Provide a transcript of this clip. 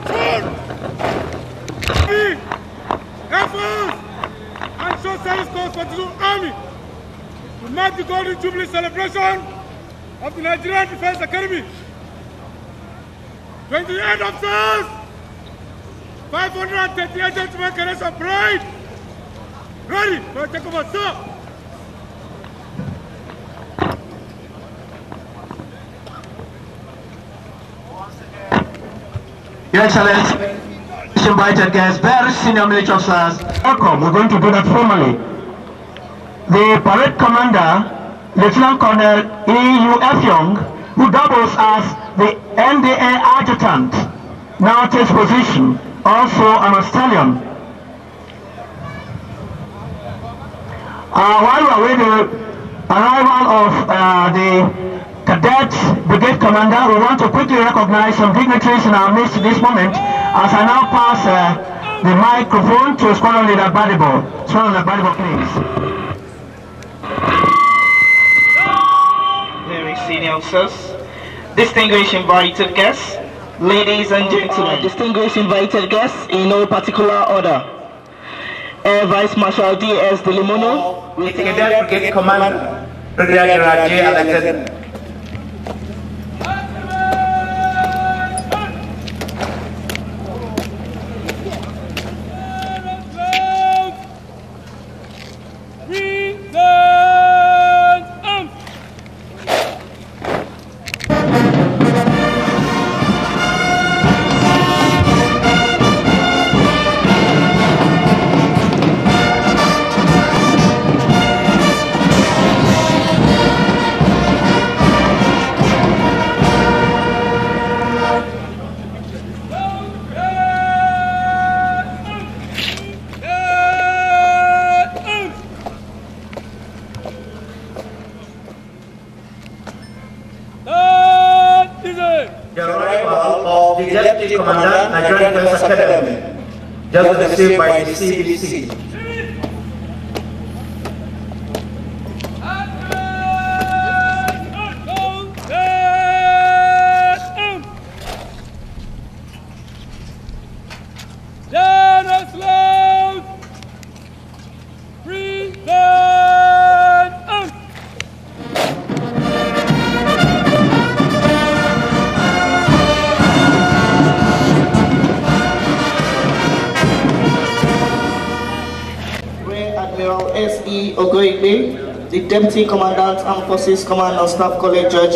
Tor! Ami! Efforts! And show service calls for the Army to mark the Golden Jubilee celebration of the Nigerian Defense Academy. 28 officers, 538 gentlemen cadets of pride, ready for takeover, sir. Excellency, invited guests, very senior military officers. Welcome. We're going to do that formally. The parade commander, Lieutenant Colonel E.U.F. F. Young, who doubles as the NDA adjutant, now takes position, also an Australian. Uh, while we are waiting, arrival of uh, the Cadets, Brigade Commander, we want to quickly recognize some dignitaries in our midst this moment as I now pass uh, the microphone to Squadron Leader Badibo. Squadron Leader Badibo, please. Very senior officers, distinguished invited guests, ladies and gentlemen. Uh, distinguished invited guests in no particular order. Air Vice Marshal D.S. Delimono, Brigade Commander, Brigadier J. Alexander. the Executive Commandant, Nigerian Defense Academy, just received by the CBC. S.E. Ogoigbe, the Deputy Commandant and Forces Command and Staff College Judge.